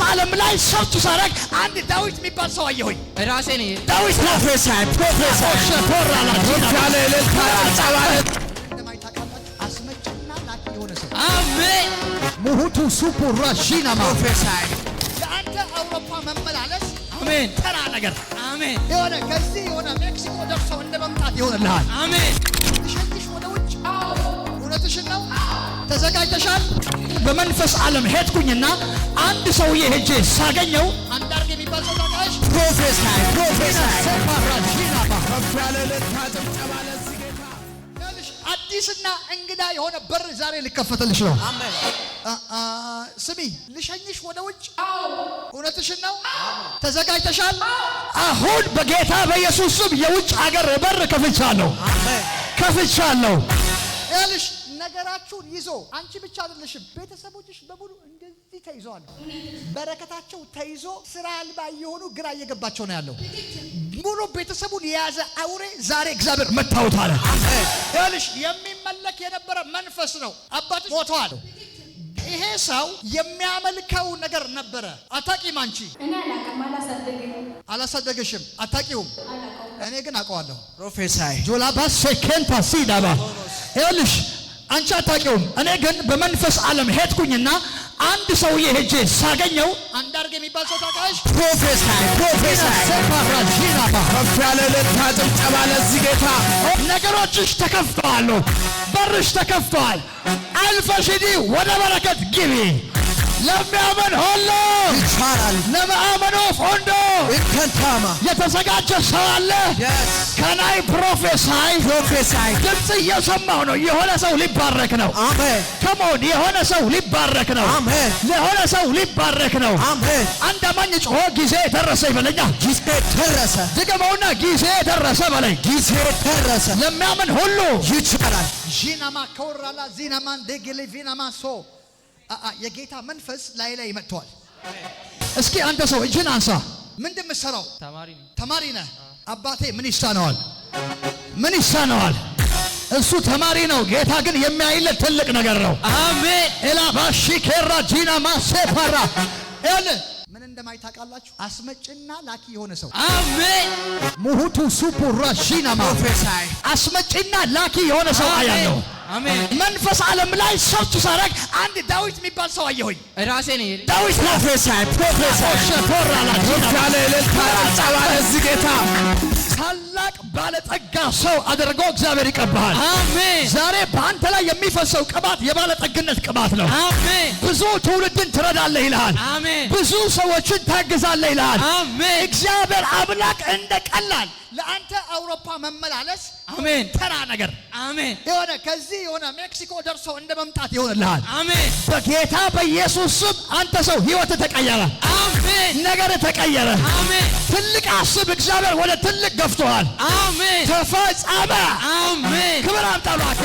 መንፈስ ዓለም ላይ ሰርች ሳረግ አንድ ዳዊት የሚባል ሰው አየሁኝ። ራሴ ነኝ ዳዊት ፕሮፌሰር ፕሮፌሰር ሸፖራ ያለ እልልታ ጸባለት አስመጭና ሙሁቱ ሱፑ ራሺና ፕሮፌሰር የአንተ አውሮፓ መመላለስ አሜን ተራ ነገር አሜን የሆነ ከዚህ የሆነ ሜክሲኮ ደርሰው እንደ መምጣት ይሆንልሃል። አሜን ትሸኝሽ ወደ ውጭ እውነትሽን ነው። ተዘጋጅተሻል? በመንፈስ ዓለም ሄድኩኝና አንድ ሰውዬ ሄጄ ሳገኘው አንዳርግ የሚባል ሰው ታውቃለሽ? ፕሮፌሳይ ፕሮፌሳይ አዲስና እንግዳ የሆነ በር ዛሬ ሊከፈትልሽ ነው። ስሚ ልሸኝሽ ወደ ውጭ። እውነትሽን ነው። ተዘጋጅተሻል? አሁን በጌታ በኢየሱስ ስም የውጭ ሀገር በር ከፍቻለሁ፣ ከፍቻለሁ። ያልሽ ነገራችሁን ይዞ አንቺ ብቻ አይደለሽም፣ ቤተሰቦችሽ በሙሉ እንደዚህ ተይዘዋል። በረከታቸው ተይዞ ስራ አልባ እየሆኑ ግራ እየገባቸው ነው ያለው። ሙሉ ቤተሰቡን የያዘ አውሬ ዛሬ እግዚአብሔር መታወት አለ። ይኸውልሽ የሚመለክ የነበረ መንፈስ ነው። አባት ሞተዋል። ይሄ ሰው የሚያመልከው ነገር ነበረ። አታቂም አንቺ አላሳደገሽም፣ አታቂውም። እኔ ግን አውቀዋለሁ። ፕሮፌሳይ ጆላባስ ሴኬንታ ሲዳባ ይኸውልሽ አንቺ አታውቂውም። እኔ ግን በመንፈስ ዓለም ሄድኩኝና አንድ ሰውዬ ሄጄ ሳገኘው አንዳርግ የሚባል ሰው ታውቃለሽ? ፕሮፌሳይ ፕሮፌሳይ ከፍ ያለ ጭብጨባ ለዚህ ጌታ። ነገሮችሽ ተከፍተዋል፣ በርሽ ተከፍተዋል። አልፈሽ ሂጂ፣ ወደ በረከት ግቢ። ለሚያመን ሁሉ ይቻላል። ለማመን ፎንዶ ሁሉ ይከንታማ የተዘጋጀ ሰው አለ። ከላይ ፕሮፌሳይ ፕሮፌሳይ ድምፅ እየሰማሁ ነው። የሆነ ሰው ሊባረክ ነው። አሜን። ከሞን የሆነ ሰው ሊባረክ ነው። አሜን። ለሆነ ሰው ሊባረክ ነው። አሜን። አንድ አማኝ ጮሆ ጊዜ ደረሰ ይበለኛ። ጊዜ ደረሰ። ድገመውና ጊዜ ደረሰ በለኝ። ጊዜ ደረሰ። ለሚያመን ሁሉ ይቻላል። ጂናማ ከወራላ ዚናማን ደግሌ ቪናማ ሶ የጌታ መንፈስ ላይ ላይ መጥቷል። እስኪ አንተ ሰው እጅን አንሳ። ምንድን የምትሰራው? ተማሪ ነህ። አባቴ ምን ይሳነዋል? ምን ይሳነዋል? እሱ ተማሪ ነው። ጌታ ግን የሚያይለት ትልቅ ነገር ነው። አሜን። ኤላባሺ ኬራ ጂና ማሴፋራ ያለ ምን እንደማይታቃላችሁ አስመጭና ላኪ የሆነ ሰው አሜን። ሙሁቱ ሱፑራሺናማ አስመጭና ላኪ የሆነ ሰው አያለሁ። መንፈስ ዓለም ላይ ሰርች ሳደርግ አንድ ዳዊት የሚባል ሰው አየሁኝ። ዳዊት ፕሮፌሰር ፕሮፌሰር ጌታ ታላቅ ባለጠጋ ሰው አድርጎ እግዚአብሔር ይቀባሃል። አሜን። ዛሬ በአንተ ላይ የሚፈሰው ቅባት የባለጠግነት ቅባት ነው። አሜን። ብዙ ትውልድን ትረዳለህ ይልሃል። አሜን። ብዙ ሰዎችን ታግዛለህ ይልሃል። አሜን። እግዚአብሔር አምላክ እንደ ቀላል ለአንተ አውሮፓ መመላለስ አሜን። ተራ ነገር አሜን። የሆነ ከዚህ የሆነ ሜክሲኮ ደርሶ እንደ መምጣት ይሆንልሃል። አሜን። በጌታ በኢየሱስ ስም አንተ ሰው ህይወት ተቀየረ። አሜን። ነገር ተቀየረ። አሜን። ትልቅ አስብ። እግዚአብሔር ወደ ትልቅ ገፍቶሃል። አሜን። ተፈጸመ። አሜን። ክብር አምጣሏከ